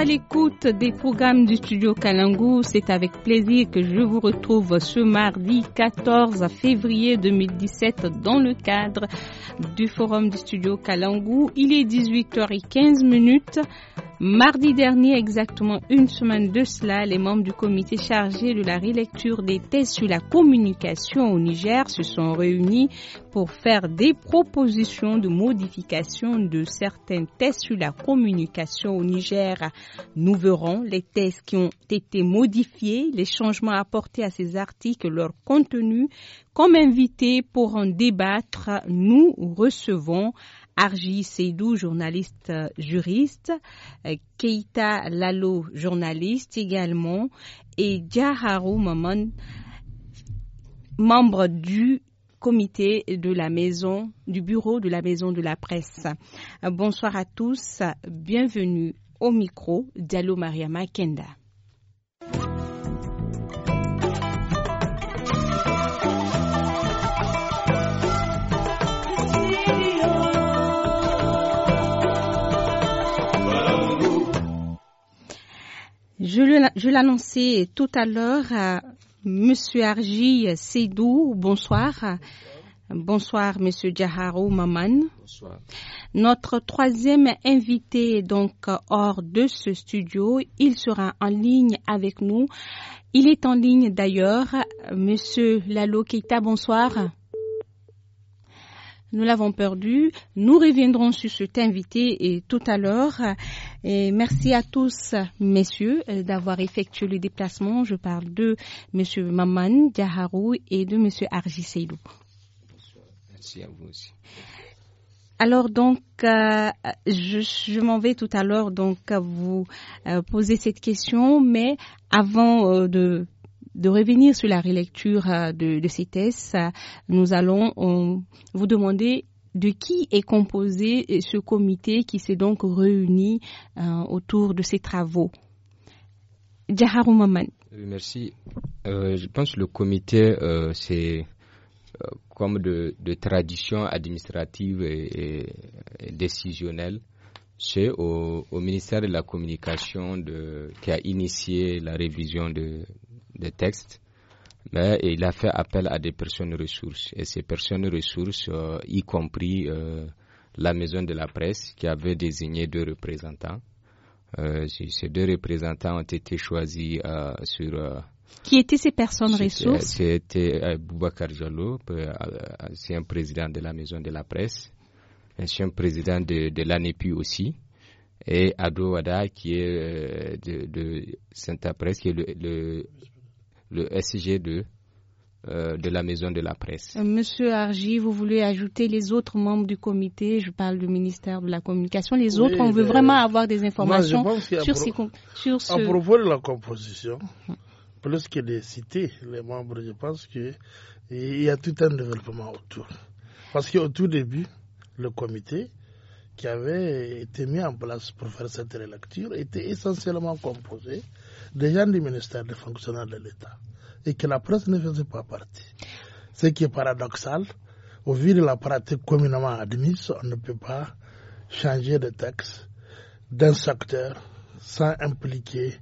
à l'écoute des programmes du studio Kalangou. C'est avec plaisir que je vous retrouve ce mardi 14 février 2017 dans le cadre du forum du studio Kalangou. Il est 18h15 minutes. Mardi dernier, exactement une semaine de cela, les membres du comité chargé de la relecture des thèses sur la communication au Niger se sont réunis pour faire des propositions de modification de certains tests sur la communication au Niger. Nous verrons les tests qui ont été modifiés, les changements apportés à ces articles, leur contenu. Comme invité pour en débattre, nous recevons Arji Seydou, journaliste euh, juriste, euh, Keita Lalo, journaliste également, et Djaharou Mamon, membre du comité de la maison, du bureau de la maison de la presse. Euh, bonsoir à tous, bienvenue au micro Diallo Mariama Kenda. Je l'annonçais tout à l'heure, Monsieur Arji Seydou, bonsoir. Bonsoir, Monsieur Jaharou Maman. Bonsoir. Notre troisième invité est donc hors de ce studio. Il sera en ligne avec nous. Il est en ligne d'ailleurs. Monsieur Lalo Keita, bonsoir. Nous l'avons perdu. Nous reviendrons sur cet invité et euh, tout à l'heure. merci à tous, messieurs, euh, d'avoir effectué le déplacement. Je parle de monsieur Maman Diaharou et de monsieur Arji Merci à vous aussi. Alors donc, euh, je, m'en vais tout à l'heure donc vous poser cette question, mais avant de de revenir sur la relecture euh, de, ces tests, euh, nous allons euh, vous demander de qui est composé ce comité qui s'est donc réuni autour de ces travaux. Merci. je pense que le comité, c'est comme de, tradition administrative et, décisionnelle. C'est au, au, ministère de la Communication de, qui a initié la révision de, des textes, mais il a fait appel à des personnes ressources. Et ces personnes ressources, euh, y compris euh, la maison de la presse, qui avait désigné deux représentants. Euh, ces deux représentants ont été choisis sur... qui étaient ces personnes ressources C'était Bouba Diallo, ancien président de la maison de la presse, ancien président de, de l'ANEPI aussi, et Ado Wada, qui est de, de Santa Presse, qui est le le SG de, euh, de la maison de la presse. Euh, Monsieur Argy, vous voulez ajouter les autres membres du comité, je parle du ministère de la Communication, les autres, on veut vraiment avoir des informations sur, sur À propos de la composition, mhm. plus que de citer les membres, je pense qu'il y a tout un développement autour. Parce qu'au tout début, le comité qui avait été mis en place pour faire cette relecture était essentiellement composé des gens du ministère, des fonctionnaires de l'État, et que la presse ne faisait pas partie. Ce qui est paradoxal, au vu de la pratique communément admise, on ne peut pas changer de texte d'un secteur sans impliquer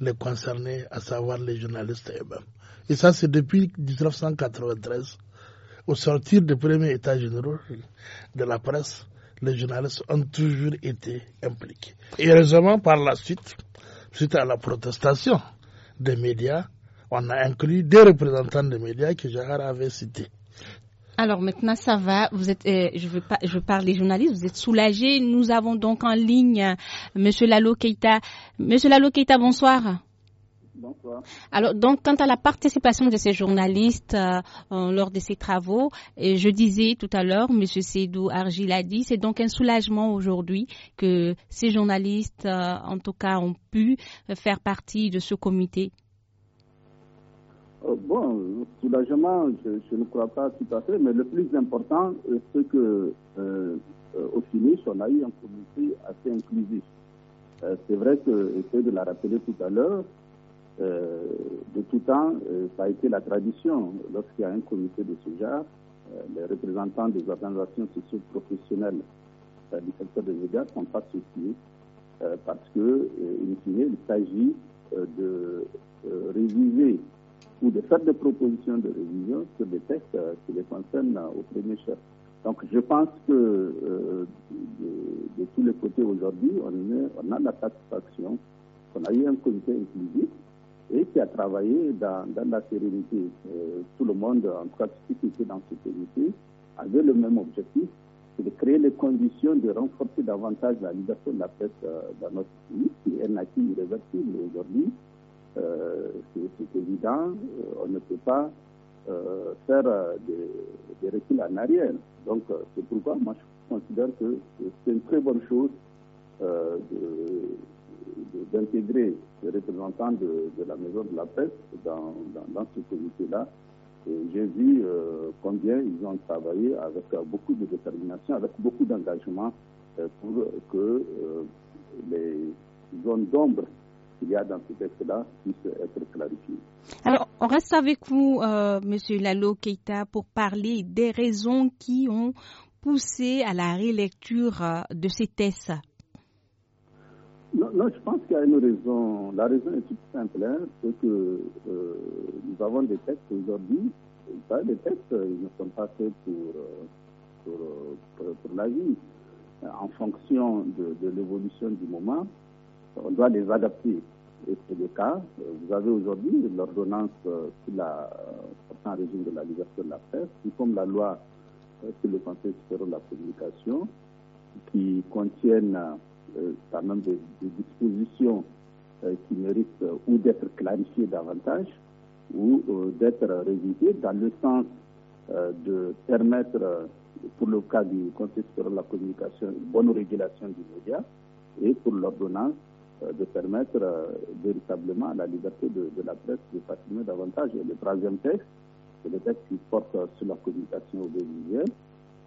les concernés, à savoir les journalistes eux-mêmes. Et ça, c'est depuis 1993, au sortir des premiers états généraux de la presse, les journalistes ont toujours été impliqués. Et heureusement, par la suite, suite à la protestation des médias, on a inclus des représentants des médias que j'avais avait cités. Alors maintenant, ça va. Vous êtes, euh, je, veux pas, je parle des journalistes. Vous êtes soulagés. Nous avons donc en ligne euh, Monsieur Lalo Keita. Monsieur Lalo Keita, bonsoir. Alors, donc, quant à la participation de ces journalistes euh, euh, lors de ces travaux, je disais tout à l'heure, M. Seydou Argil a dit, c'est donc un soulagement aujourd'hui que ces journalistes, euh, en tout cas, ont pu faire partie de ce comité. bon, soulagement, je, ne crois pas tout à fait, mais le plus important, c'est que, au on a eu un comité assez inclusif. c'est vrai que, j'essaie de la rappeler tout à l'heure, euh, de tout temps, euh, ça a été la tradition. Lorsqu'il y a un comité de ce genre, euh, les représentants des organisations socioprofessionnelles professionnelles du secteur des médias sont pas soucis parce que, in il s'agit de réviser ou de faire des propositions de révision sur des textes qui les concernent au premier chef. Donc je pense que de, tous les côtés aujourd'hui, on, on a la satisfaction qu'on a eu un comité inclusif et qui a travaillé dans, dans la sérénité. Euh, tout le monde, en tout cas, qui était dans cette comité, avait le même objectif, c'est de créer les conditions de renforcer davantage la liberté de la presse euh, dans notre pays, qui est un acquis irréversible aujourd'hui. Euh, c'est évident, on ne peut pas faire des, des reculs en arrière. Donc, c'est pourquoi moi je considère que c'est une très bonne chose de d'intégrer les représentants de, de, la maison de la presse dans, dans, dans ce comité-là. J'ai vu euh, combien ils ont travaillé avec euh, beaucoup de détermination, avec beaucoup d'engagement euh, pour que les zones d'ombre qu'il y a dans ce texte-là puissent être clarifiées. Alors, on reste avec vous, Monsieur Lalo Keita, pour parler des raisons qui ont poussé à la rélecture de ces tests non, je pense qu'il y a une raison. La raison est toute simple, hein. c'est que euh, nous avons des textes aujourd'hui. des textes euh, ils ne sont pas faits pour, euh, pour, la vie. En fonction de, l'évolution du moment, on doit les adapter. Et c'est le cas. Vous avez aujourd'hui l'ordonnance sur la portant régime de la liberté de la presse, qui comme la loi sur le Conseil supérieur de la communication, qui contiennent euh, quand même des, dispositions euh, qui méritent euh, ou d'être clarifiées davantage ou d'être révisées dans le sens de permettre, pour le cas du contexte de la communication, une bonne régulation du média et pour l'ordonnance de permettre véritablement la liberté de, la presse de s'assumer davantage. Et le troisième texte, c'est le texte qui porte sur la communication au audiovisuelle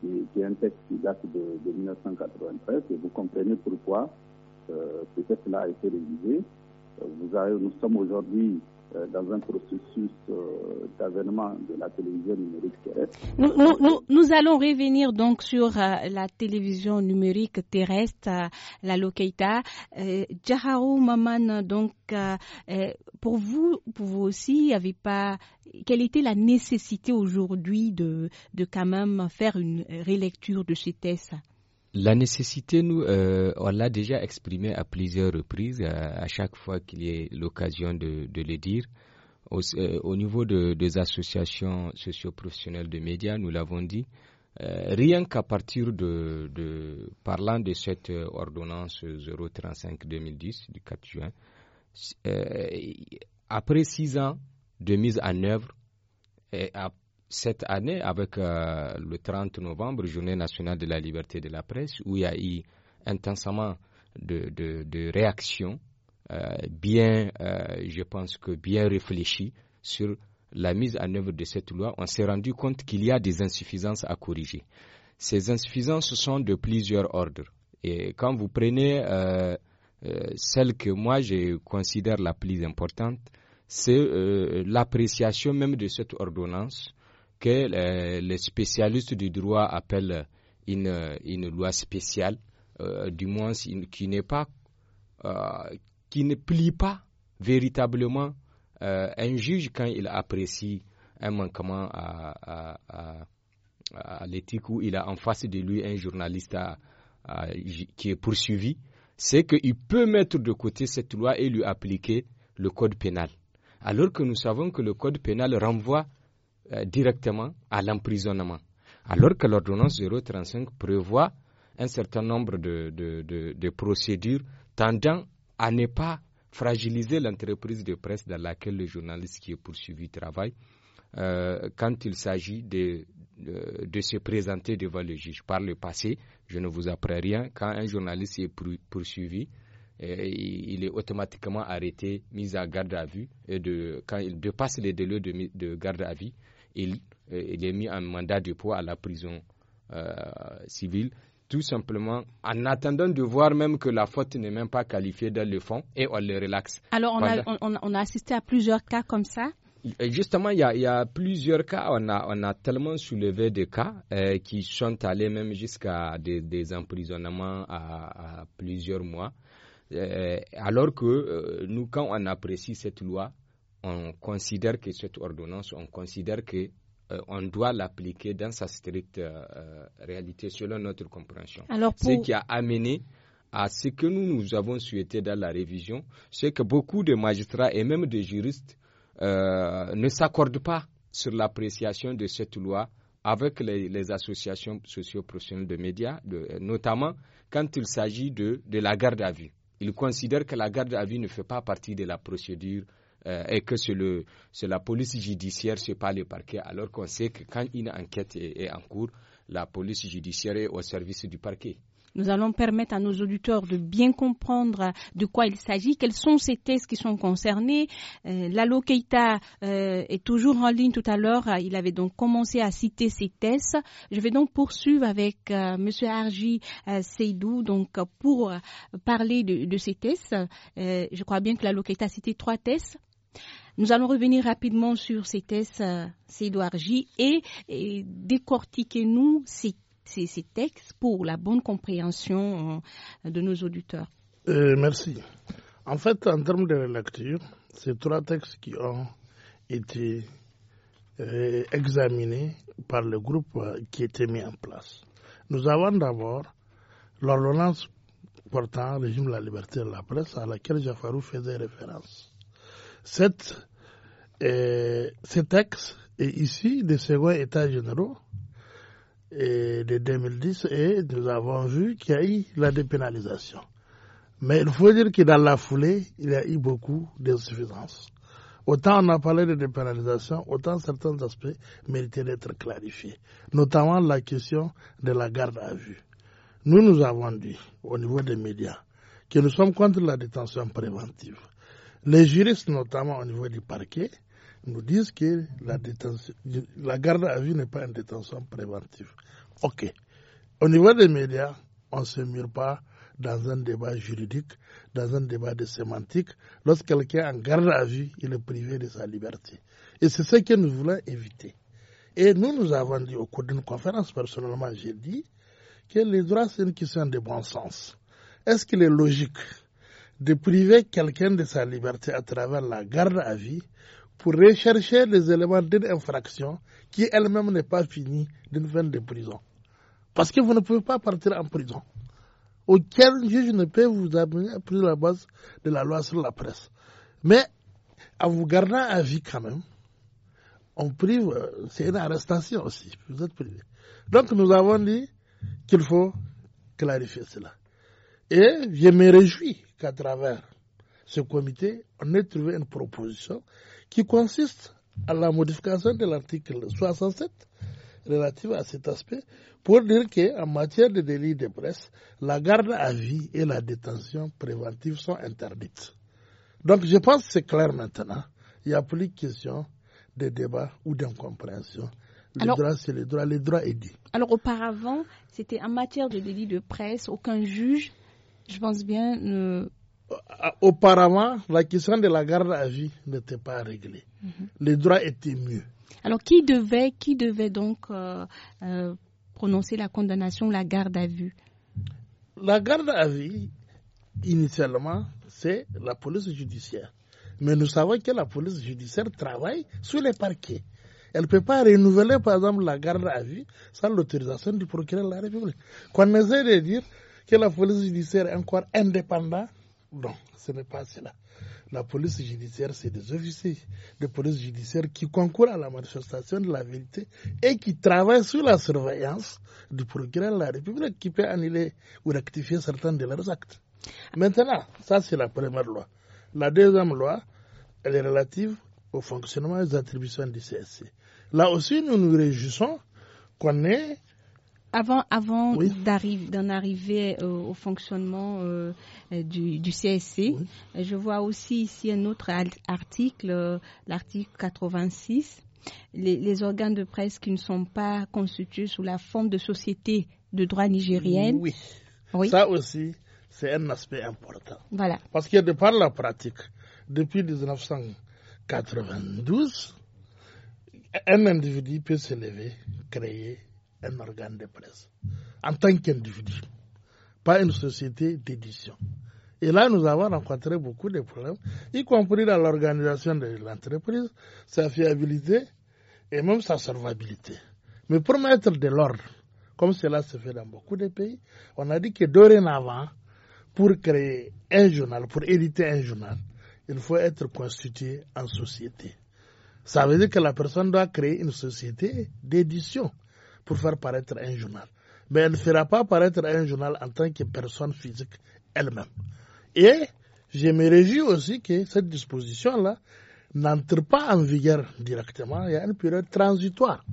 qui, est un texte qui date de, 1993, et vous comprenez pourquoi euh, ce texte-là a été révisé. Euh, nous sommes aujourd'hui euh, dans un processus euh, d'avènement de la télévision numérique terrestre. Nous, nous, nous allons revenir donc sur euh, la télévision numérique terrestre, la Lokeita. Djaharou Maman, donc, pour vous, pour vous aussi, pas. Quelle était la nécessité aujourd'hui de, de quand même faire une relecture de ces tests la nécessité, nous, euh, on l'a déjà exprimée à plusieurs reprises, à, chaque fois qu'il y ait l'occasion de, le dire. Au, euh, niveau des associations socioprofessionnelles de médias, nous l'avons dit, euh, rien qu'à partir de, parlant de cette ordonnance 035-2010 du 4 juin, après six ans de mise en œuvre, et à cette année, avec euh, le 30 novembre, Journée nationale de la liberté de la presse, où il y a eu intensément de, réactions, euh, bien, euh, je pense que bien réfléchies sur la mise en œuvre de cette loi, on s'est rendu compte qu'il y a des insuffisances à corriger. Ces insuffisances sont de plusieurs ordres. Et quand vous prenez celle que moi je considère la plus importante, c'est l'appréciation même de cette ordonnance que les spécialistes du droit appellent une, une loi spéciale, euh, du moins qui n'est pas, euh, qui ne plie pas véritablement euh, un juge quand il apprécie un manquement à, à, à l'éthique ou il a en face de lui un journaliste qui est poursuivi, c'est qu'il peut mettre de côté cette loi et lui appliquer le code pénal. Alors que nous savons que le code pénal renvoie euh, directement à l'emprisonnement. Alors que l'ordonnance 035 prévoit un certain nombre de, de, procédures tendant à ne pas fragiliser l'entreprise de presse dans laquelle le journaliste qui est poursuivi travaille euh, quand il s'agit euh, de, se présenter devant le juge. Par le passé, je ne vous apprends rien, quand un journaliste est poursuivi, il est automatiquement arrêté, mis à garde à vue, et quand il dépasse les délais de garde à vue, il, est mis en mandat de poids à la prison euh, civile tout simplement en attendant de voir même que la faute n'est même pas qualifiée dans le fond et on le relaxe. Alors on, a, on, a assisté à plusieurs cas comme ça Justement, il y, a, plusieurs cas, on a, on a, tellement soulevé des cas euh, qui sont allés même jusqu'à des, emprisonnements à, plusieurs mois. Euh, alors que nous, quand on apprécie cette loi, on considère que cette ordonnance, on considère que euh, on doit l'appliquer dans sa stricte euh, réalité selon notre compréhension. Alors Ce qui a amené à ce que nous, nous avons souhaité dans la révision, c'est que beaucoup de magistrats et même de juristes euh, ne s'accordent pas sur l'appréciation de cette loi avec les, associations socioprofessionnelles de médias, notamment quand il s'agit de, de, la garde à vue. Ils considèrent que la garde à vue ne fait pas partie de la procédure euh, et que c'est le la police judiciaire, c'est pas le parquet, alors qu'on sait que quand une enquête est, en cours, la police judiciaire est au service du parquet. Nous allons permettre à nos auditeurs de bien comprendre de quoi il s'agit, quels sont ces tests qui sont concernés. La euh, Lalo euh, est toujours en ligne tout à l'heure. Il avait donc commencé à citer ces tests. Je vais donc poursuivre avec M. Arji Seydou donc, pour parler de, ces tests. je crois bien que la Keita a cité trois tests. Nous allons revenir rapidement sur ces tests, c'est Edouard J, et, décortiquer nous ces, textes pour la bonne compréhension euh, de nos auditeurs. Euh, merci. En fait, en termes de lecture, ces trois textes qui ont été euh, examinés par le groupe qui était mis en place. Nous avons d'abord l'ordonnance portant régime de la liberté de la presse à laquelle Jafarou faisait référence cet axe euh, est ici des second état généraux euh, de 2010 et nous avons vu qu'il y a eu la dépénalisation. Mais il faut dire que dans la foulée, il y a eu beaucoup d'insuffisances. Autant on a parlé de dépénalisation, autant certains aspects méritaient d'être clarifiés, notamment la question de la garde à vue. Nous, nous avons dit au niveau des médias que nous sommes contre la détention préventive. Les juristes, notamment au niveau du parquet, nous disent que la, détention, la garde à vue n'est pas une détention préventive. OK. Au niveau des médias, on ne se mire pas dans un débat juridique, dans un débat de sémantique. Lorsque quelqu'un en garde à vue, il est privé de sa liberté. Et c'est ce que nous voulons éviter. Et nous, nous avons dit au cours d'une conférence, personnellement, j'ai dit que les droits, c'est une question de bon sens. Est-ce qu'il est logique de priver quelqu'un de sa liberté à travers la garde à vie pour rechercher les éléments d'une infraction qui elle-même n'est pas finie d'une fin de prison. Parce que vous ne pouvez pas partir en prison. Aucun juge ne peut vous amener à la base de la loi sur la presse. Mais en vous gardant à vie quand même, on prive, c'est une arrestation aussi, vous êtes privé. Donc nous avons dit qu'il faut clarifier cela. Et je me réjouis qu'à travers ce comité, on ait trouvé une proposition qui consiste à la modification de l'article 67 relative à cet aspect pour dire qu'en matière de délit de presse, la garde à vie et la détention préventive sont interdites. Donc je pense que c'est clair maintenant. Il n'y a plus question de débat ou d'incompréhension. Le droit, c'est le droit. Le droit est dit. Alors, auparavant, c'était en matière de délit de presse, aucun juge je pense bien. Euh... Auparavant, la question de la garde à vue n'était pas réglée. Mhm. Les droits étaient mieux. Alors, qui devait, qui devait donc euh, euh, prononcer la condamnation, la garde à vue La garde à vie, initialement, c'est la police judiciaire. Mais nous savons que la police judiciaire travaille sur les parquets. Elle ne peut pas renouveler, par exemple, la garde à vue sans l'autorisation du procureur de la République. Qu'on essaie de dire, que la police judiciaire est encore indépendante. Non, ce n'est pas cela. La police judiciaire, c'est des officiers de police judiciaire qui concourent à la manifestation de la vérité et qui travaillent sous la surveillance du procureur de la République qui peut annuler ou rectifier certains de leurs actes. Maintenant, ça c'est la première loi. La deuxième loi, elle est relative au fonctionnement et aux attributions du CSC. Là aussi, nous nous réjouissons qu'on ait avant, avant d'en arriver euh, au fonctionnement euh, du, du, CSC, je vois aussi ici un autre article, euh, l'article 86. Les, organes de presse qui ne sont pas constitués sous la forme de sociétés de droit nigérienne. Oui. Ça aussi, c'est un aspect important. Voilà. Parce que de par la pratique, depuis 1992, un individu peut se lever, créer un organe de presse, en tant qu'individu, pas une société d'édition. Et là, nous avons rencontré beaucoup de problèmes, y compris dans l'organisation de l'entreprise, sa fiabilité et même sa servabilité. Mais pour mettre de l'ordre, comme cela se fait dans beaucoup de pays, on a dit que dorénavant, pour créer un journal, pour éditer un journal, il faut être constitué en société. Ça veut dire que la personne doit créer une société d'édition pour faire paraître un journal. Mais elle ne fera pas paraître un journal en tant que personne physique elle-même. Et je me réjouis aussi que cette disposition-là n'entre pas en vigueur directement. Il y a une période transitoire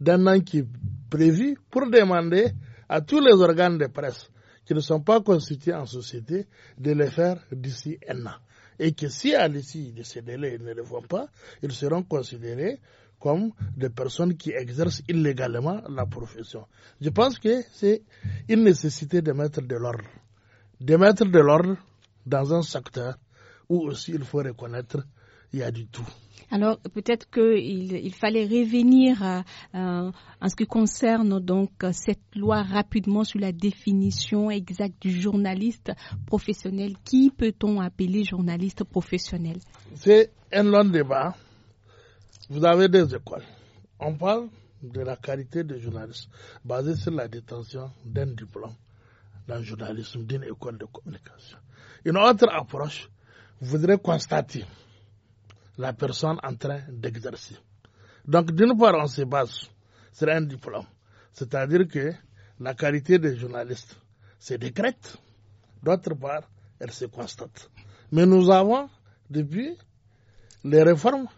d'un an qui est prévue pour demander à tous les organes de presse qui ne sont pas constitués en société de les faire d'ici un an. Et que si à l'issue de ces délais, ils ne le font pas, ils seront considérés comme des personnes qui exercent illégalement la profession. Je pense que c'est une nécessité de mettre de l'ordre. De mettre de l'ordre dans un secteur où aussi il faut reconnaître il y a du tout. Alors peut-être qu'il fallait revenir euh, euh, en ce qui concerne donc cette loi rapidement sur la définition exacte du journaliste professionnel. Qui peut-on appeler journaliste professionnel C'est un long débat vous avez des écoles. On parle de la qualité de journalistes basée sur la détention d'un diplôme dans le journalisme d'une école de communication. Une autre approche voudrait constater la personne en train d'exercer. Donc, d'une part, on se base sur un diplôme. C'est-à-dire que la qualité des journalistes se décrète. D'autre part, elle se constate. Mais nous avons, depuis les réformes,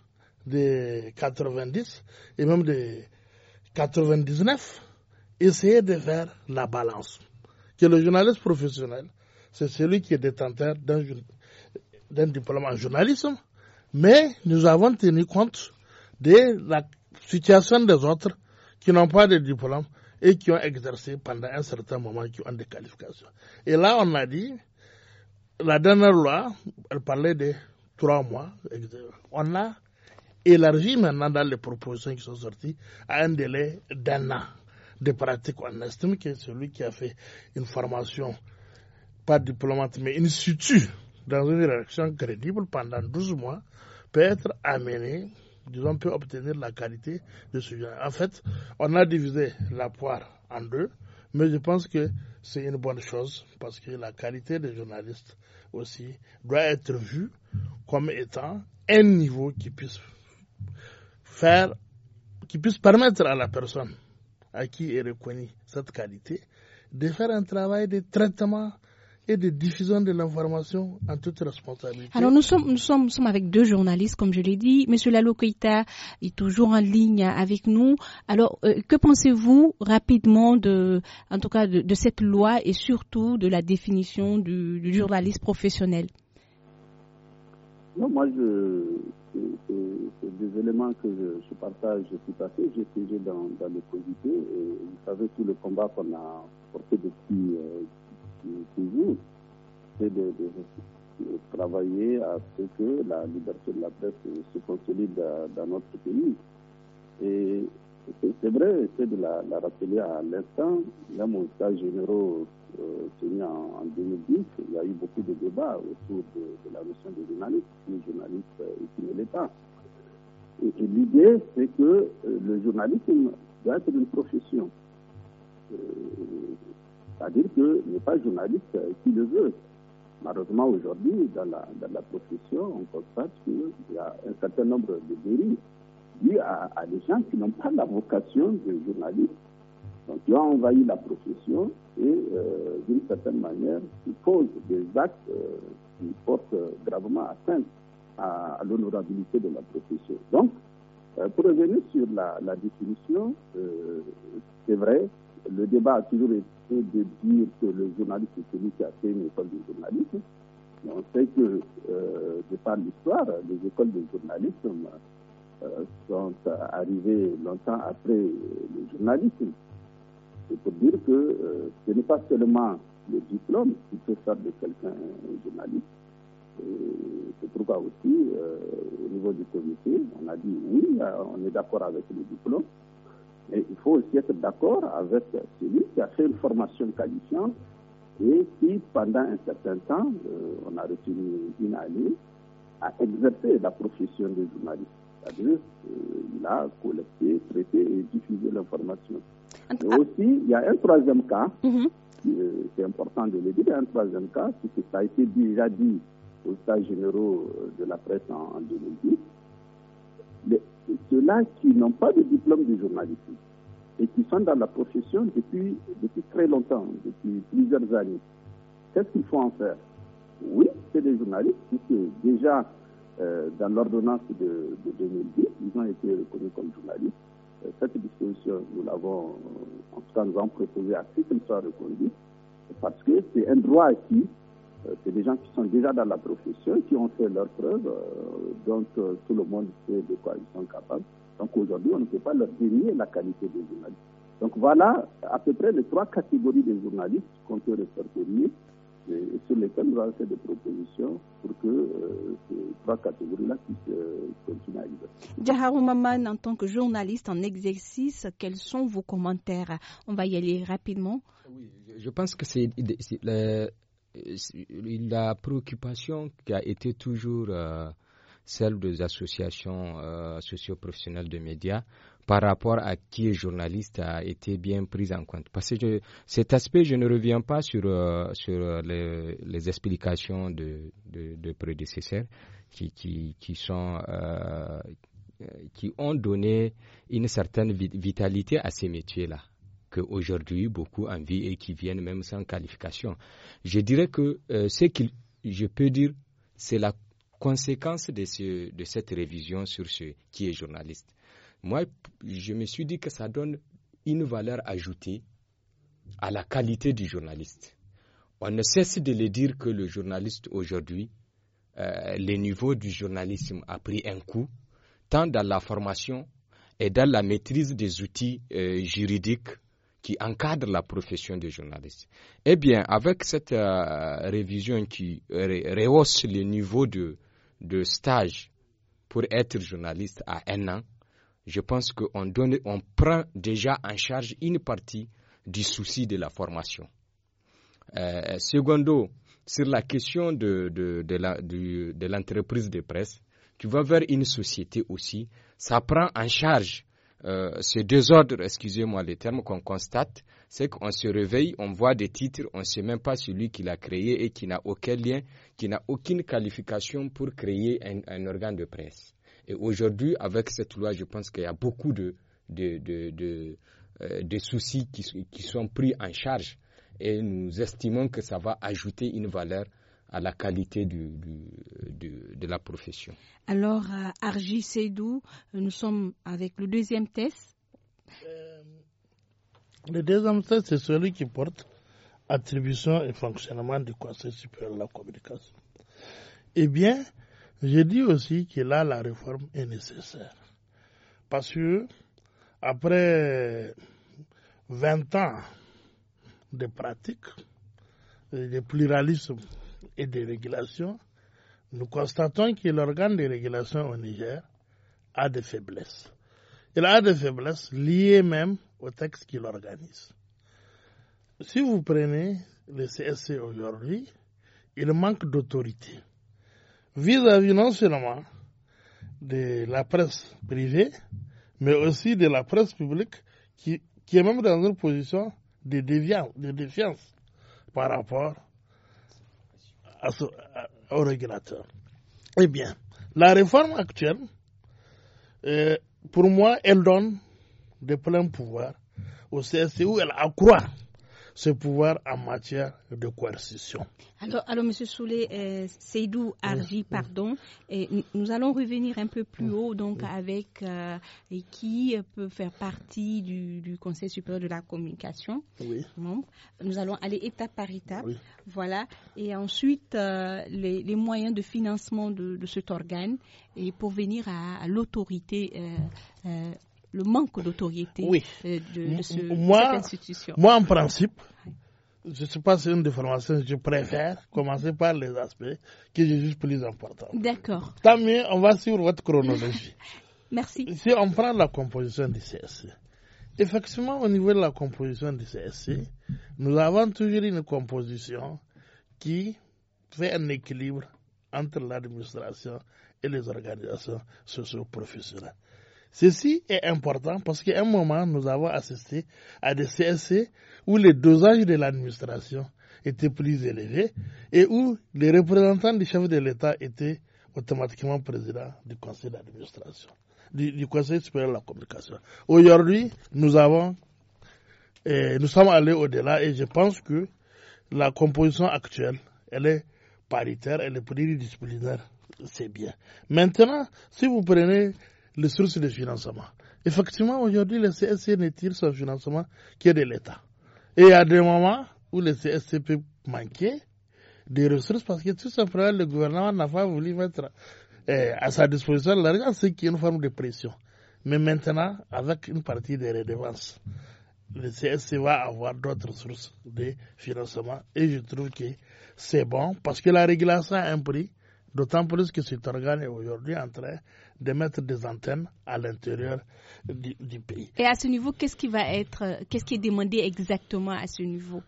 des 90 et même des 99 essayer de faire la balance. Que le journaliste professionnel, c'est celui qui est détenteur d'un diplôme en journalisme, mais nous avons tenu compte de la situation des autres qui n'ont pas de diplôme et qui ont exercé pendant un certain moment, qui ont des qualifications. Et là, on a dit, la dernière loi, elle parlait de trois mois. On a élargi maintenant dans les propositions qui sont sorties à un délai d'un an de pratique. On estime que celui qui a fait une formation, pas diplomate, mais une situ dans une direction crédible pendant 12 mois, peut être amené, disons, peut obtenir la qualité de ce journal. En fait, on a divisé la poire en deux, mais je pense que c'est une bonne chose parce que la qualité des journalistes aussi doit être vue comme étant un niveau qui puisse faire, qui puisse permettre à la personne à qui est reconnue cette qualité de faire un travail de traitement et de diffusion de l'information en toute responsabilité. Alors nous sommes, avec deux journalistes, comme je l'ai dit. Monsieur Lalo est toujours en ligne avec nous. Alors euh, que pensez-vous rapidement de, en tout cas de, cette loi et surtout de la définition du journaliste professionnel non, moi, c'est des éléments que je, partage tout à fait. J'ai siégé dans, dans et vous savez tout le combat qu'on a porté depuis euh, toujours, c'est de, travailler à ce que la liberté de la presse se consolide dans, dans notre pays. Et c'est vrai, c'est de la, rappeler à l'instant, Il y a mon euh, général en, en, 2010, il y a eu beaucoup de débats autour de, la notion de journaliste, qui journaliste et euh, qui ne l'est pas. Et, l'idée, c'est que euh, le journalisme doit être une profession. Euh, c'est-à-dire que n'est pas journaliste qui le veut. Malheureusement, aujourd'hui, dans la profession, on constate qu'il y a un certain nombre de dérives dû à, des gens qui n'ont pas la vocation de journaliste, donc qui ont envahi la profession et euh, d'une certaine manière il posent des actes euh, qui portent euh, gravement atteinte à, l'honorabilité de la profession. Donc, pour revenir sur la, définition, c'est vrai, le débat a toujours été de dire que le journaliste est celui qui a fait une école de journalisme. Mais on sait que, de par l'histoire, les écoles de journalisme euh, sont arrivés longtemps après le journalisme. C'est pour dire que euh, ce n'est pas seulement le diplôme qui fait faire de quelqu'un un journaliste. C'est pourquoi aussi, euh, au niveau du comité, on a dit oui, on est d'accord avec le diplôme, mais il faut aussi être d'accord avec celui qui a fait une formation qualifiante et qui, pendant un certain temps, on a retenu une année, a exercé la profession de journaliste c'est-à-dire euh, il a collecté, traité et diffusé l'information. Et aussi, il y a un troisième cas, c'est mhm. euh, important de le dire, un troisième cas, c'est que ça a été déjà dit au stade généraux euh, de la presse en, 2010. Mais Ceux-là qui n'ont pas de diplôme de journalisme et qui sont dans la profession depuis, depuis très longtemps, depuis plusieurs années, qu'est-ce qu'il faut en faire Oui, c'est des journalistes, puisque déjà, euh, dans l'ordonnance de, 2010, ils ont été reconnus comme journalistes. Euh, cette disposition, nous l'avons, euh, en tout cas, nous avons proposé à ce qu'ils soient reconnus, parce que c'est un droit acquis c'est des gens qui sont déjà dans la profession, qui ont fait leur preuves, donc tout le monde sait de quoi ils sont capables. Donc aujourd'hui, on ne peut pas leur dénier la qualité des journalistes. Donc voilà à peu près les trois catégories de journalistes qu'on peut répertorier et sur lesquels nous allons faire des propositions pour que euh, ces trois catégories-là puissent euh, continuer à vivre. Djaharou Maman, en tant que journaliste en exercice, quels sont vos commentaires On va y aller rapidement. Oui, je pense que c'est la, préoccupation qui a été toujours euh, celle des associations socio-professionnelles de médias par rapport à qui est journaliste a été bien prise en compte. Parce que cet aspect, je ne reviens pas sur, euh, sur euh, les, explications de, de, prédécesseurs qui, qui, sont, euh, qui ont donné une certaine vitalité à ces métiers-là qu'aujourd'hui beaucoup envient et qui viennent même sans qualification. Je dirais que ce que je peux dire, c'est la conséquence de, ce, de cette révision sur ce qui est journaliste. Moi, je me suis dit que ça donne une valeur ajoutée à la qualité du journaliste. On ne cesse de le dire que le journaliste aujourd'hui, euh, le niveau du journalisme a pris un coup, tant dans la formation et dans la maîtrise des outils euh, juridiques qui encadrent la profession de journaliste. Eh bien, avec cette euh, révision qui rehausse le niveau de, de stage pour être journaliste à un an, je pense qu'on donne, on prend déjà en charge une partie du souci de la formation. Euh, secondo, sur la question de, de, de l'entreprise de, presse, tu vas vers une société aussi, ça prend en charge euh, ce désordre, excusez-moi les termes qu'on constate, c'est qu'on se réveille, on voit des titres, on ne sait même pas celui qui l'a créé et qui n'a aucun lien, qui n'a aucune qualification pour créer un, un organe de presse. Et aujourd'hui, avec cette loi, je pense qu'il y a beaucoup de, de, de, euh, de, soucis qui, qui, sont pris en charge et nous estimons que ça va ajouter une valeur à la qualité de, de la profession. Alors, euh, Arji Seydou, nous sommes avec le deuxième test. Euh, le deuxième test, c'est celui qui porte attribution et fonctionnement du Conseil supérieur de la communication. Eh bien, j'ai dit aussi que là, la réforme est nécessaire. Parce que, après 20 ans de pratique, de pluralisme et de régulation, nous constatons que l'organe de régulation au Niger a des faiblesses. Il a des faiblesses liées même au texte qu'il organise. Si vous prenez le CSC aujourd'hui, il manque d'autorité vis-à-vis non seulement de la presse privée, mais aussi de la presse publique qui, est même dans une position de, déviance, défiance par rapport au régulateur. Eh bien, la réforme actuelle, euh, pour moi, elle donne de plein pouvoir au CSU, e elle accroît ce pouvoir en matière de coercition. Alors, alors M. Soulet, Seydou Arji, pardon, Et nous allons revenir un peu plus haut donc avec euh, qui peut faire partie du, Conseil supérieur de la communication. Oui. nous allons aller étape par étape. Voilà. Et ensuite, euh, les, moyens de financement de, cet organe et pour venir à, à l'autorité euh, le manque d'autorité euh, de, de, moi, cette institution Moi, en principe, je ne sais pas si une déformation, je préfère commencer par les aspects qui je juge plus importants. D'accord. Tant mieux, on va suivre votre chronologie. Merci. Si on prend la composition du CSC, effectivement, au niveau de la composition du CSC, nous avons toujours une composition qui fait un équilibre entre l'administration et les organisations socio-professionnelles. Ceci est important parce qu'à un moment, nous avons assisté à des CSC où les dosages de l'administration étaient plus élevés et où les représentants du chef de l'État étaient automatiquement présidents du conseil d'administration, du, du, conseil supérieur de la communication. Aujourd'hui, nous avons, nous sommes allés au-delà et je pense que la composition actuelle, elle est paritaire, elle est pluridisciplinaire, c'est bien. Maintenant, si vous prenez les sources de financement. Effectivement, aujourd'hui, le CSC ne tire son financement que de l'État. Et il y a des moments où le CSC peut manquer des ressources parce que tout simplement, le gouvernement n'a pas voulu mettre euh, à sa disposition l'argent, ce qui est une forme de pression. Mais maintenant, avec une partie des redevances, le CSC va avoir d'autres sources de financement et je trouve que c'est bon parce que la régulation a un prix. D'autant plus que cet organe est aujourd'hui en train de mettre des antennes à l'intérieur du, pays. Et à ce niveau, qu'est-ce qui va être, qu'est-ce qui est demandé exactement à ce niveau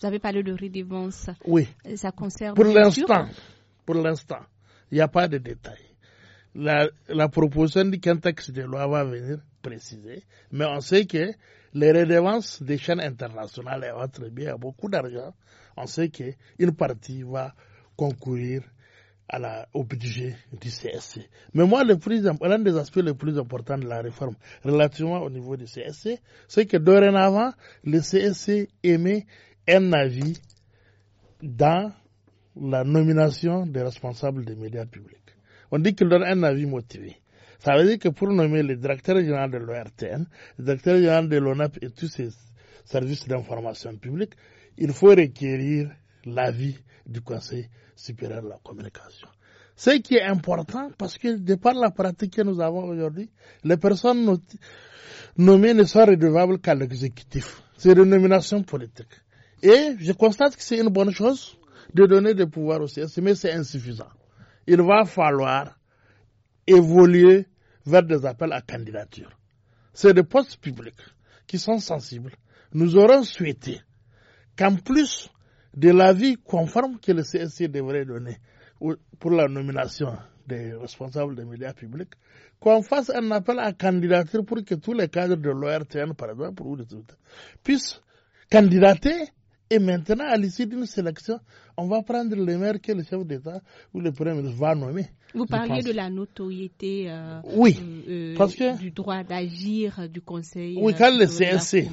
Vous avez parlé de rédévance. Oui. Ça concerne. Pour l'instant, pour l'instant, il n'y a pas de détails. La, proposition du contexte de loi va venir préciser, mais on sait que les redevances des chaînes internationales et très bien, beaucoup d'argent. On sait qu'une partie va concourir au budget du CSC. Mais moi, l'un des aspects les plus importants de la réforme relativement au niveau du CSC, c'est que dorénavant, le CSC émet un avis dans la nomination des responsables des médias publics. On dit qu'il donne un avis motivé. Ça veut dire que pour nommer le directeur général de l'ORTN, le directeur général de l'ONAP et tous ses services d'information publique, il faut requérir l'avis du Conseil supérieure la communication. Ce qui est important, parce que de par la pratique que nous avons aujourd'hui, les personnes nommées ne sont redevables qu'à l'exécutif. C'est une nomination politique. Et je constate que c'est une bonne chose de donner des pouvoirs au CS, mais c'est insuffisant. Il va falloir évoluer vers des appels à candidature. C'est des postes publics qui sont sensibles. Nous aurons souhaité qu'en plus de l'avis conforme que le CSI devrait donner pour la nomination des responsables des médias publics, qu'on fasse un appel à candidature pour que tous les cadres de l'ORTN, par exemple, puissent candidater et maintenant, à l'issue d'une sélection, on va prendre le maire que le chef d'État ou le Premier ministre va nommer. Vous parliez de la notoriété euh, oui, euh, euh, du droit d'agir du Conseil oui, quand le CNC.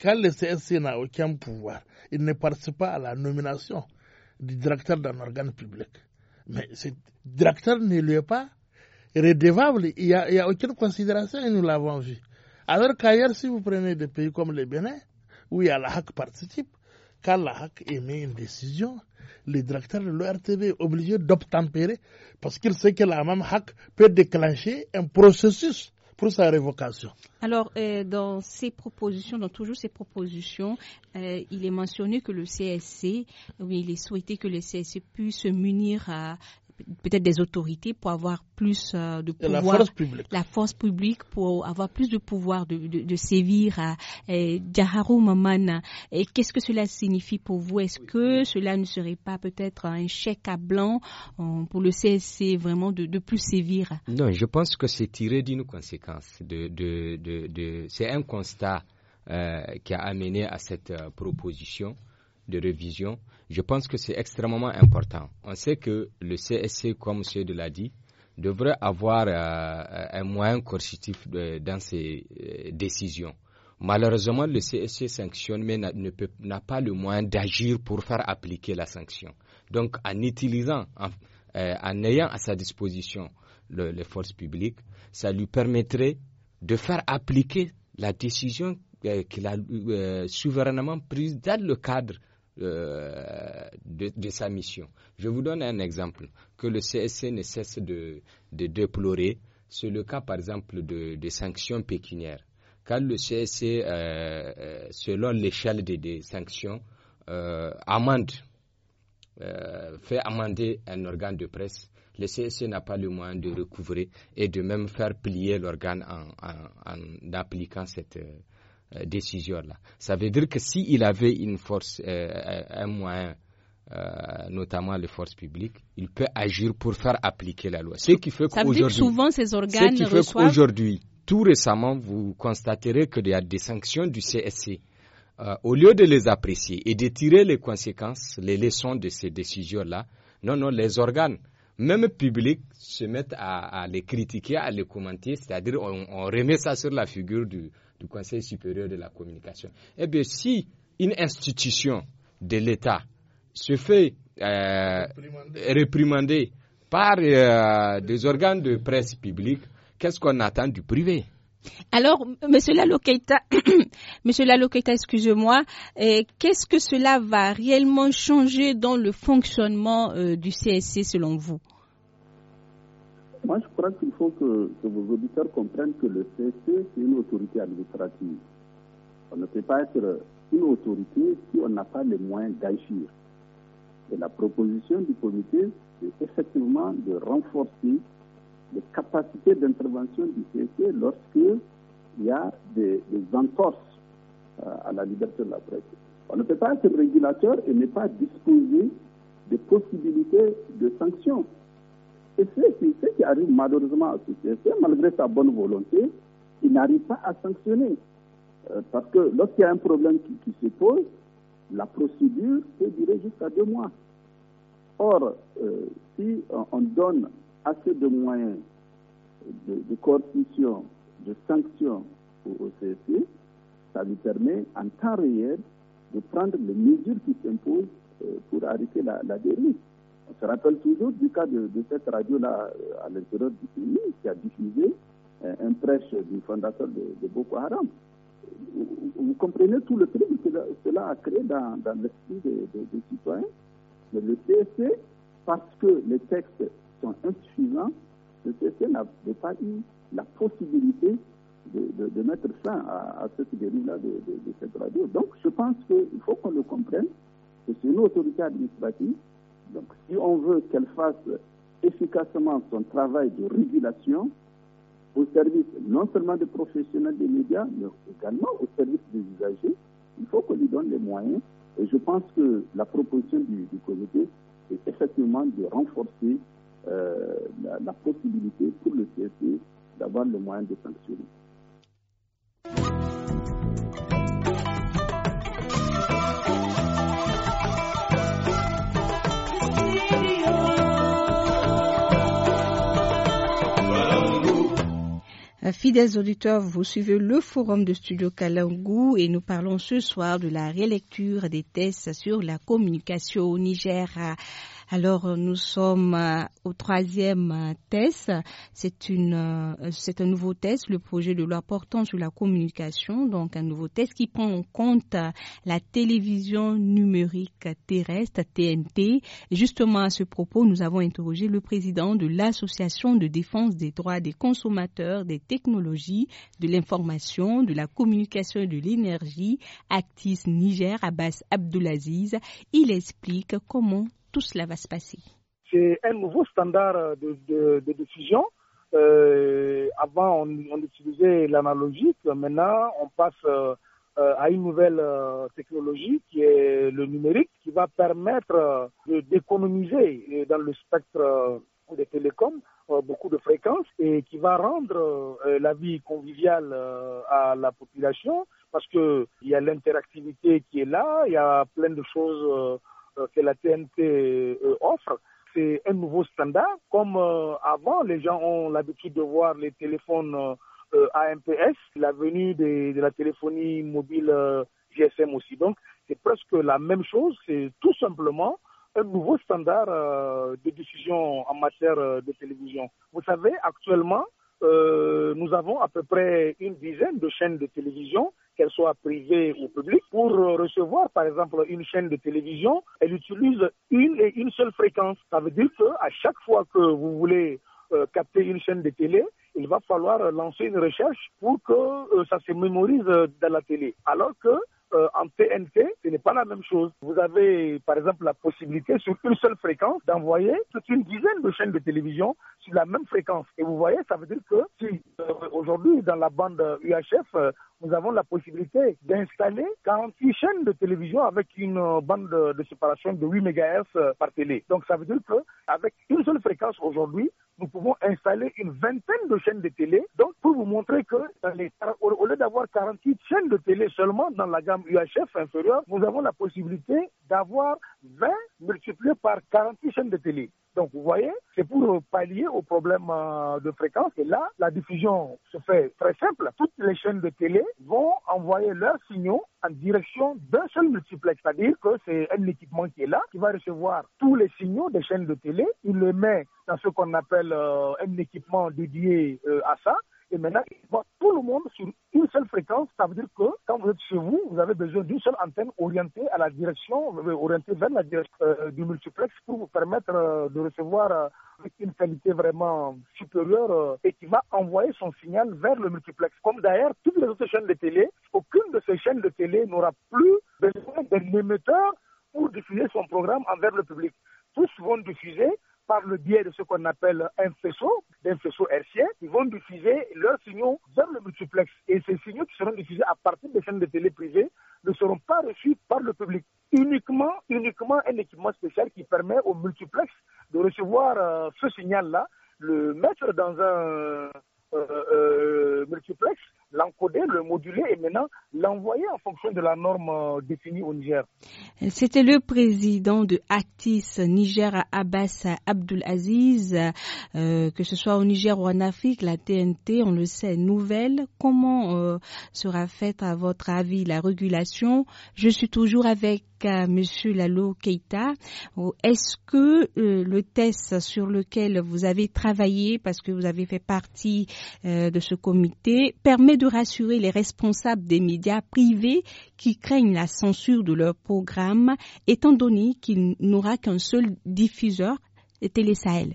Quand le CNC n'a aucun pouvoir, il ne participe pas à la nomination du directeur d'un organe public. Mais ce directeur ne lui pas redevable. Il n'y a, aucune considération et nous l'avons vu. Alors qu'ailleurs, si vous prenez des pays comme le Bénin, où il y a la HAC participe, quand la HAC émet une décision, le directeur de l'ORTV est obligé d'obtempérer parce qu'il sait que la même HAC peut déclencher un processus pour sa révocation. Alors, euh, dans ces propositions, dans toujours ces propositions, euh, il est mentionné que le CSC, oui, il est souhaité que le CSC puisse se munir à peut-être des autorités pour avoir plus euh, de pouvoir. La force publique. La force publique pour avoir plus de pouvoir de, de, sévir à Djaharou eh, Mamana. qu'est-ce que cela signifie pour vous Est-ce que cela ne serait pas peut-être un chèque à blanc euh, pour le CSC vraiment de, plus sévir Non, je pense que c'est tiré d'une conséquence. De, de, de, c'est un constat euh, qui a amené à cette proposition de révision, je pense que c'est extrêmement important. On sait que le CSC, comme M. de l'a dit, devrait avoir euh, euh, un moyen coercitif dans ses euh, décisions. Malheureusement, le CSC sanctionne, mais n'a pas le moyen d'agir pour faire appliquer la sanction. Donc, en utilisant, en, ayant à sa disposition les forces publiques, ça lui permettrait de faire appliquer la décision qu'il a souverainement prise dans le cadre euh, de, sa mission. Je vous donne un exemple que le CSC ne cesse de, déplorer. C'est le cas, par exemple, des sanctions pécuniaires. Quand le CSC, euh, euh, selon l'échelle des, sanctions, amende, fait amender un organe de presse, le CSC n'a pas le moyen de recouvrer et de même faire plier l'organe en, appliquant cette, euh, décision-là. Ça veut dire que s'il avait une force, euh, euh, un moyen notamment les forces publiques, il peut agir pour faire appliquer la loi. Ce qui fait qu'aujourd'hui, souvent ces organes ce qui fait qu'aujourd'hui, tout récemment, vous constaterez qu'il y a des sanctions du CSC. au lieu de les apprécier et de tirer les conséquences, les leçons de ces décisions-là, non, non, les organes, même publics, se mettent à, les critiquer, à les commenter, c'est-à-dire on, remet ça sur la figure du, du Conseil supérieur de la communication. Eh bien, si une institution de l'État se fait euh, réprimander par euh, des organes de presse publique, qu'est-ce qu'on attend du privé alors, Monsieur Lalokeita, excusez-moi, qu'est-ce que cela va réellement changer dans le fonctionnement euh, du CSC selon vous moi, je crois qu'il faut que, vos auditeurs comprennent que le CSC, c'est une autorité administrative. On ne peut pas être une autorité si on n'a pas les moyens d'agir. Et la proposition du comité, c'est effectivement de renforcer les capacités d'intervention du CSC lorsqu'il y a des, entorses euh, à la liberté de la presse. On ne peut pas être régulateur et ne pas disposer des possibilités de sanctions. Et ce qui, ce qui arrive malheureusement au ce malgré sa bonne volonté, il n'arrive pas à sanctionner. Euh, parce que lorsqu'il y a un problème qui, se pose, la procédure peut durer jusqu'à deux mois. Or, euh, si on, donne assez de moyens de, de de sanction au, au ça lui permet en temps réel de prendre les mesures qui s'imposent euh, pour arrêter la, la dérive. On se rappelle toujours du cas de, cette radio-là euh, à l'intérieur du pays qui a diffusé euh, un, prêche du fondateur de, Boko Haram. Vous, comprenez tout le crime que cela a créé dans, l'esprit des, citoyens. Mais le CSC, parce que les textes sont insuffisants, le CSC n'a pas eu la possibilité de, mettre fin à, cette dérive-là de, de cette radio. Donc je pense qu'il faut qu'on le comprenne, que c'est une autorité administrative donc si on veut qu'elle fasse efficacement son travail de régulation au service non seulement des professionnels des médias, mais également au service des usagers, il faut qu'on lui donne les moyens. Et je pense que la proposition du, comité est effectivement de renforcer euh, la, possibilité pour le CSE d'avoir le moyens de sanctionner. Euh, fidèles auditeurs, vous suivez le forum de Studio Kalangu et nous parlons ce soir de la rélecture des tests sur la communication au Niger. Alors, euh, nous sommes euh, au troisième euh, test. C'est un nouveau test, le projet de loi portant sur la communication. Donc, un nouveau test qui prend en compte la télévision numérique terrestre, TNT. justement, à ce propos, nous avons interrogé le président de l'Association de défense des droits des consommateurs, des technologies, de l'information, de la communication et de l'énergie, Actis Niger, Abbas Abdulaziz. Il explique comment tout cela va se passer C'est un nouveau standard de, diffusion. Euh, avant, on, utilisait l'analogique. Maintenant, on passe euh, euh, à une nouvelle technologie qui est le numérique, qui va permettre d'économiser dans le spectre des télécoms beaucoup de fréquences et qui va rendre la vie conviviale à la population parce qu'il y a l'interactivité qui est là, il y a plein de choses euh, que la TNT euh, offre. C'est un nouveau standard. Comme euh, avant, les gens ont l'habitude de voir les téléphones AMPS, la venue de, la téléphonie mobile GSM aussi. Donc, c'est presque la même chose. C'est tout simplement un nouveau standard de diffusion en matière de télévision. Vous savez, actuellement, nous avons à peu près une dizaine de chaînes de télévision qu'elle soit privée ou publique, pour euh, recevoir par exemple une chaîne de télévision, elle utilise une et une seule fréquence. Ça veut dire que, à chaque fois que vous voulez euh, capter une chaîne de télé, il va falloir euh, lancer une recherche pour que ça se mémorise dans la télé. Alors que euh, en TNT, ce n'est pas la même chose. Vous avez, par exemple, la possibilité sur une seule fréquence d'envoyer toute une dizaine de chaînes de télévision sur la même fréquence. Et vous voyez, ça veut dire que si euh, aujourd'hui, dans la bande UHF, nous avons la possibilité d'installer 48 chaînes de télévision avec une euh, bande de séparation de 8 MHz par télé. Donc ça veut dire qu'avec une seule fréquence aujourd'hui, nous pouvons installer une vingtaine de chaînes de télé. Donc, pour vous montrer que au lieu d'avoir 48 chaînes de télé seulement dans la gamme UHF inférieure, nous avons la possibilité d'avoir 20 multiplié par 48 chaînes de télé. Donc, vous voyez, c'est pour euh, pallier au problème euh, de fréquence. Et là, la diffusion se fait très simple. Toutes les chaînes de télé vont envoyer leurs signaux en direction d'un seul multiplex. C'est-à-dire que c'est un équipement qui est là, qui va recevoir tous les signaux des chaînes de télé. Il les met dans ce qu'on appelle euh, un équipement dédié euh, à ça. Et maintenant, tout le monde sur une seule fréquence. Ça veut dire que quand vous êtes chez vous, vous avez besoin d'une seule antenne orientée à la direction, euh, orientée vers la direction du multiplex pour vous permettre de recevoir avec une qualité vraiment supérieure et qui va envoyer son signal vers le multiplex. Comme d'ailleurs toutes les autres chaînes de télé, aucune de ces chaînes de télé n'aura plus besoin d'un émetteur pour diffuser son programme envers le public. Tous vont diffuser par le biais de ce qu'on appelle un faisceau, d'un faisceau hertzien, qui vont diffuser leurs signaux vers le multiplex. Et ces signaux qui seront diffusés à partir des chaînes de télé privées ne seront pas reçus par le public. Uniquement, uniquement un équipement spécial qui permet au multiplex de recevoir euh, ce signal-là, le mettre dans un euh, euh, multiplex l'encoder, le moduler et maintenant l'envoyer en fonction de la norme euh, définie au Niger. C'était le président de ATIS, Niger Abbas Abdul Aziz. Euh, que ce soit au Niger ou en Afrique, la TNT, on le sait, nouvelle. Comment euh, sera faite à votre avis la régulation Je suis toujours avec Monsieur Lalo Keita. Est-ce que le test sur lequel vous avez travaillé, parce que vous avez fait partie de ce comité, permet de rassurer les responsables des médias privés qui craignent la censure de leur programme, étant donné qu'il n'aura qu'un seul diffuseur, Télé Sahel.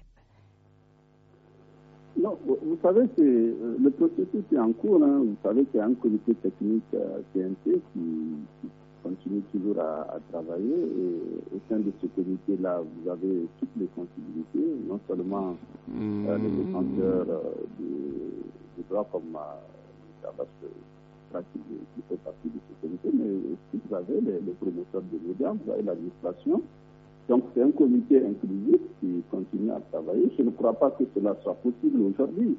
Non, vous savez, que euh, le processus est en cours. Hein. Vous savez qu'il y a un comité technique à euh, TNT qui, continue toujours à, travailler. Et au sein de ce comité-là, vous avez toutes les sensibilités, non seulement euh, les hmm. défenseurs des, des droits comme parce que qui fait partie de ce comité, mais si vous avez les, promoteurs de l'audience, vous avez l'administration. Donc c'est un comité inclusif qui continue à travailler. Je ne crois pas que cela soit possible aujourd'hui.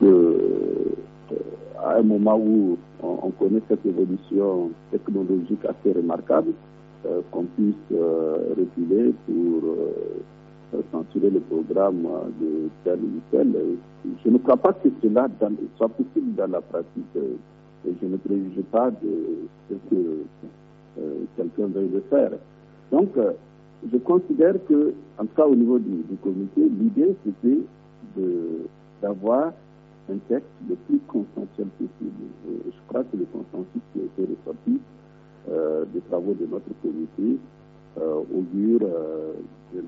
Que euh, à un moment où on, connaît cette évolution technologique assez remarquable, euh, qu'on puisse euh, reculer pour censurer le programme de tel ou tel. Je ne crois pas que cela soit possible dans la pratique. Et je ne préjuge pas de ce que euh, quelqu'un veuille le faire. Donc, euh, je considère que, en tout cas au niveau du, comité, l'idée c'était d'avoir un texte le plus consensuel possible. je crois que le consensus qui a été ressorti euh, des travaux de notre comité euh, augure d'une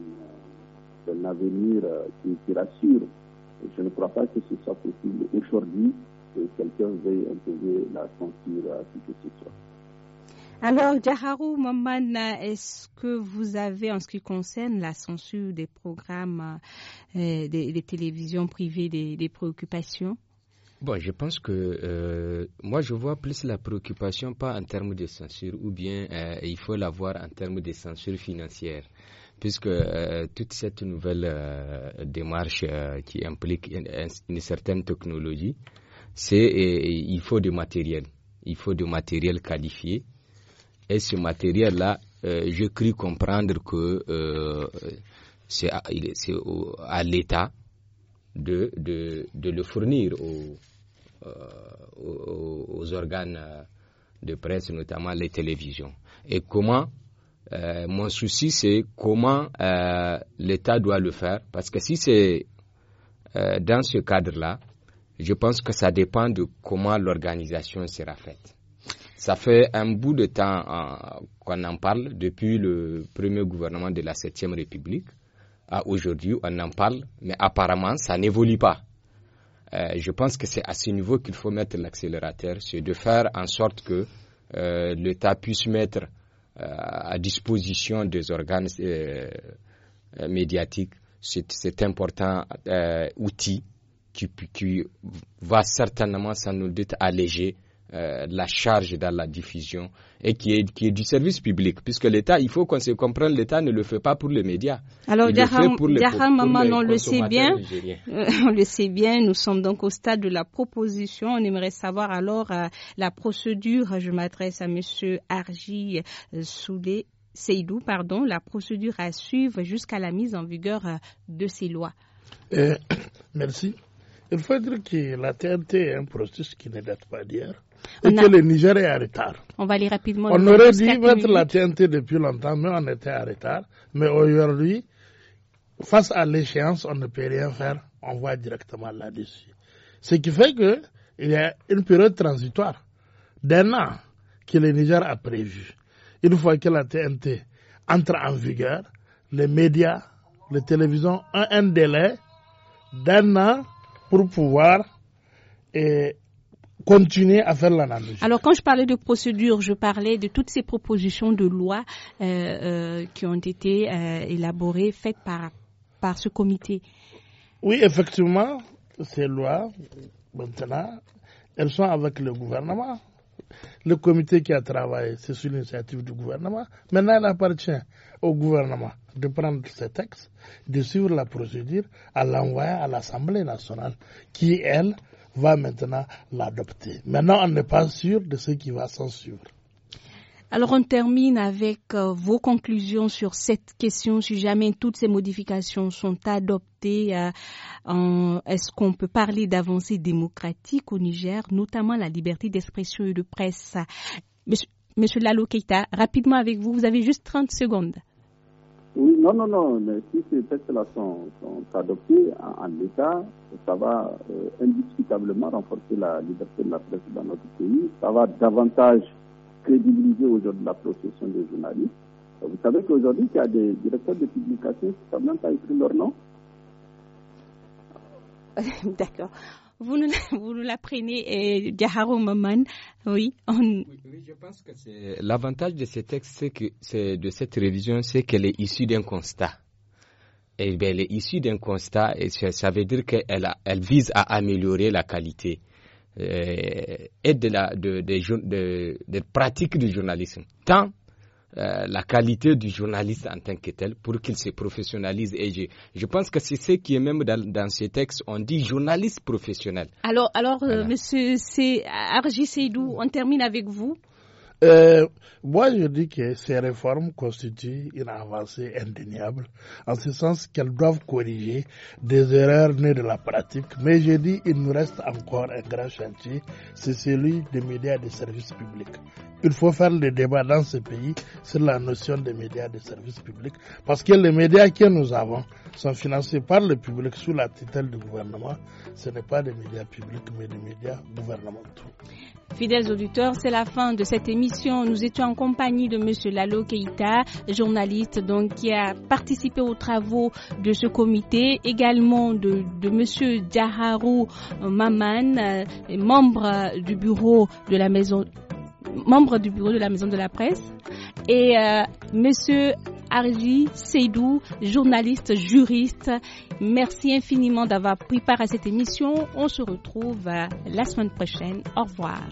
un avenir euh, qui, qui, rassure. je ne crois pas que ce soit possible aujourd'hui que quelqu'un veuille imposer la censure à qui que ce soit. Alors, Djaharou Maman, est-ce que vous avez, en ce qui concerne la censure des programmes euh, des, télévisions privées, des, préoccupations Bon, je pense que euh, moi je vois plus la préoccupation pas en termes de censure ou bien il faut la voir en termes de censure financière puisque euh, toute cette nouvelle euh, démarche euh, qui implique une, certaine technologie, c'est il faut du matériel, il faut du matériel qualifié. Et ce matériel-là, je cru comprendre que c'est à, l'État de, le fournir aux organes de presse, notamment les télévisions. Et comment euh, mon souci, c'est comment euh, l'État doit le faire. Parce que si c'est euh, dans ce cadre-là, je pense que ça dépend de comment l'organisation sera faite. Ça fait un bout de temps qu'on en parle depuis le premier gouvernement de la 7 République à aujourd'hui, on en parle, mais apparemment, ça n'évolue pas. je pense que c'est à ce niveau qu'il faut mettre l'accélérateur, c'est de faire en sorte que l'État puisse mettre euh, à disposition des organes euh, euh, médiatiques cet important outil qui, va certainement, sans nous doute, alléger euh, la charge dans la diffusion et qui est, qui est du service public, puisque l'État, il faut qu'on se comprenne, l'État ne le fait pas pour les médias. Alors, Daham, Maman, on le sait bien, euh, on le sait bien, nous sommes donc au stade de la proposition. On aimerait savoir alors euh, la procédure, je m'adresse à Monsieur Arji Soulé, Seydou, pardon, la procédure à suivre jusqu'à la mise en vigueur de ces lois. merci. Il faut dire que la TNT est un processus qui ne date pas d'hier et que le Niger est en retard. On va aller rapidement. On aurait dû mettre la TNT depuis longtemps, mais on était en retard. Mais aujourd'hui, face à l'échéance, on ne peut rien faire. On voit directement là-dessus. Ce qui fait que il y a une période transitoire d'un an que le Niger a prévu. Une fois que la TNT entre en vigueur, les médias, les télévisions ont un délai d'un an pour pouvoir et continuer à faire l'analyse. Alors quand je parlais de procédure, je parlais de toutes ces propositions de loi euh, euh, qui ont été euh, élaborées, faites par, par ce comité. Oui, effectivement, ces lois, maintenant, elles sont avec le gouvernement. Le comité qui a travaillé, c'est sur l'initiative du gouvernement. Maintenant, il appartient au gouvernement de prendre ces textes, de suivre la procédure, à l'envoyer à l'Assemblée nationale, qui, elle, va maintenant l'adopter. Maintenant, on n'est pas sûr de ce qui va s'en suivre. Alors on termine avec euh, vos conclusions sur cette question. Si jamais toutes ces modifications sont adoptées, euh, est-ce qu'on peut parler d'avancées démocratique au Niger, notamment la liberté d'expression et de presse Monsieur, Monsieur Lalo Keita, rapidement avec vous, vous avez juste 30 secondes. Oui, non, non, non. Mais si ces textes-là sont, adoptés en, État, ça va euh, indiscutablement renforcer la liberté de la presse dans notre pays. Ça va davantage crédibiliser aujourd'hui la profession des journalistes. Vous savez qu'aujourd'hui, il y a des directeurs de publication qui ne même pas écrit leur nom. D'accord vous nous, vous l'apprenez, euh, Diaharo Maman. Oui, je pense que l'avantage de ce texte, c'est de cette révision, c'est qu'elle est issue d'un constat. Eh elle est issue d'un constat et ça, veut dire qu'elle elle vise à améliorer la qualité euh, et de la, de, pratique du journalisme, tant euh, la qualité du journaliste en tant que tel pour qu'il se professionnalise. Et je, je pense que c'est ce qui est même dans, dans ces textes, on dit journaliste professionnel. Alors, alors euh, monsieur, on termine avec vous. Euh, moi, je dis que ces réformes constituent une avancée indéniable, en ce sens qu'elles doivent corriger des erreurs nées de la pratique. Mais je dis, il nous reste encore un grand chantier, c'est celui des médias de services publics. Il faut faire le débat dans ce pays sur la notion des médias de services publics, parce que les médias que nous avons sont financés par le public sous la tutelle du gouvernement. Ce n'est pas des médias publics, mais des médias gouvernementaux. Fidèles auditeurs, c'est la fin de cette émission nous étions en compagnie de Monsieur Lalo Keita, journaliste, donc qui a participé aux travaux de ce comité, également de, M. Monsieur Djaharou Maman, euh, membre du bureau de la maison, membre du bureau de la maison de la presse, et M. Euh, Monsieur Arji Seydou, journaliste, juriste. Merci infiniment d'avoir pris part à cette émission. On se retrouve euh, la semaine prochaine. Au revoir.